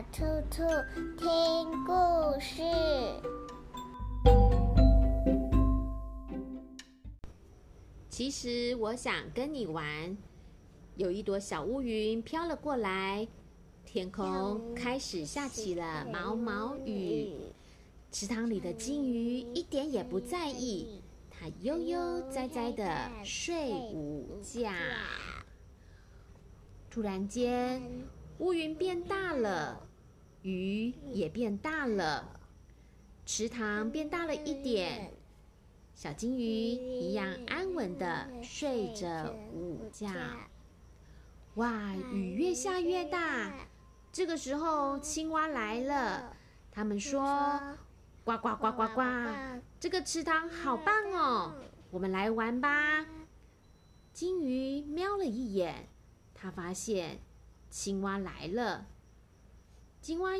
小兔兔聽故事。其實我想跟你玩。有一朵小烏雲飄了過來，天空開始下起了毛毛雨。池塘裡的金魚一點也不在意，它悠悠哉哉的睡午覺。突然間，烏雲變大了。魚也變大了，池塘變大了一點，小金魚一樣安穩的睡着午覺。哇，雨越下越大。這個時候，青蛙來了，他們說：“呱呱呱呱呱，這個池塘好棒哦，我們來玩吧。”金魚瞄了一眼，它發現青蛙來了。青蛙、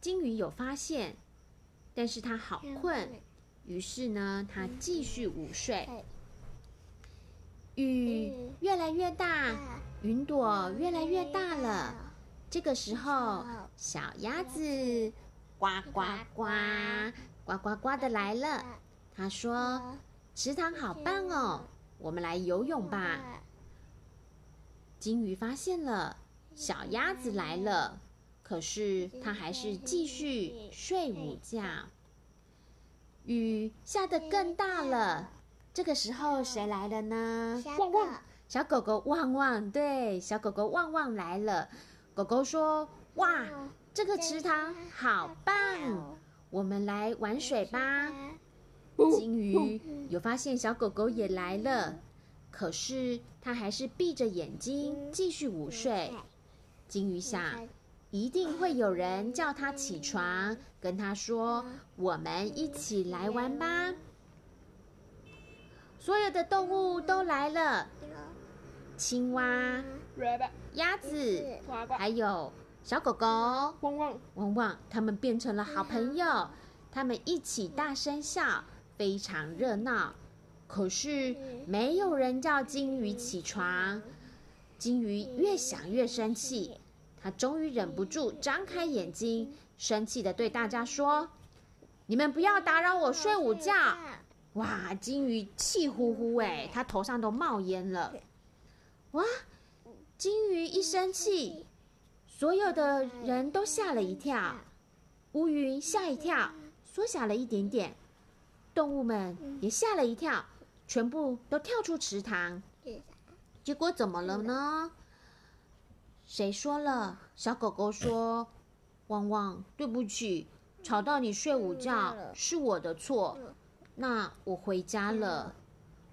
金魚有發現，但是他好困，於是呢，他繼續午睡。雨越來越大，雲朵越來越大了。這個時候，小鴨子呱呱呱、呱呱呱的來了。他說：“池塘好棒哦，我們來游泳吧。”金魚發現了，小鴨子來了。可是他還是繼續睡午覺。嗯，雨下得更大了。這個時候誰來了呢？旺旺，小狗狗旺旺。對，小狗狗旺旺來了。狗狗說：“哇，這個池塘好棒，我們來玩水吧。”金魚有發現小狗狗也來了，可是它還是閉着眼睛繼續午睡。金魚想。一定會有人叫他起床，跟他說：“我們一起來玩吧！”所有的動物都來了，青蛙、鴨子，還有小狗狗，汪汪汪汪，它們變成了好朋友，它們一起大聲笑，非常熱鬧。可是沒有人叫金魚起床，金魚越想越生氣。他終於忍不住張開眼睛，生氣地對大家說：“你們不要打擾我睡午覺！”哇，金魚氣呼呼哎，他頭上都冒煙了。哇，金魚一生氣，所有的人都嚇了一跳，烏雲嚇一跳，縮小了一點點，動物們也嚇了一跳，全部都跳出池塘。結果怎麼了呢？誰說了？小狗狗說：“汪汪，對不起，吵到你睡午覺是我的錯。”那我回家了。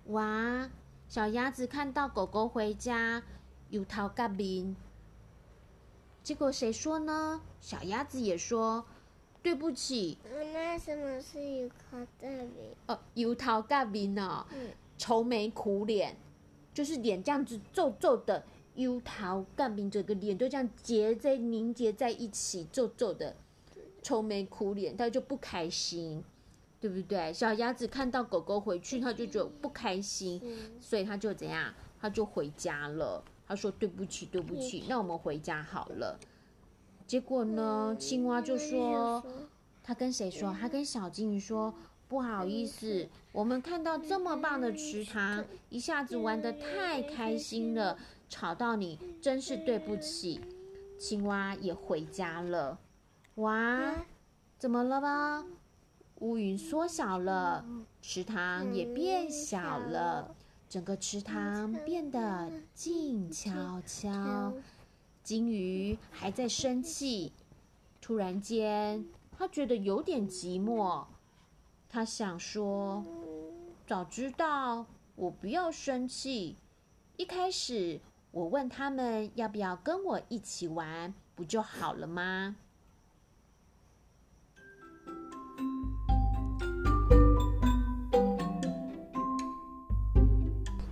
哇，小鴨子看到狗狗回家，憂頭結面。結果誰說呢？小鴨子也說：“對不起。”那什麼是憂頭結面？哦，憂頭結面吶，愁眉苦臉，就是臉這樣子皺皺的。油桃乾冰，整個臉都這樣結在凝結在一起，皺皺的，愁眉苦臉，他就不開心，對不對？小鴨子看到狗狗回去，它就覺得不開心，嗯、所以它就怎樣？它就回家了。它說：“對不起，對不起，嗯、那我們回家好了。”結果呢？青蛙就說：“嗯、他跟誰說？嗯、他跟小金魚說。”不好意思，我們看到這麼棒的池塘，一下子玩得太開心了，吵到你，真是對不起。青蛙也回家了。哇，怎麼了吧？烏雲縮小了，池塘也變小了，整個池塘變得靜悄悄。金魚還在生氣，突然間，它覺得有點寂寞。他想說：“早知道我不要生氣，一開始我問他們要不要跟我一起玩，不就好了嗎？”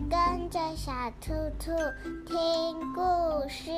跟着小兔兔聽故事。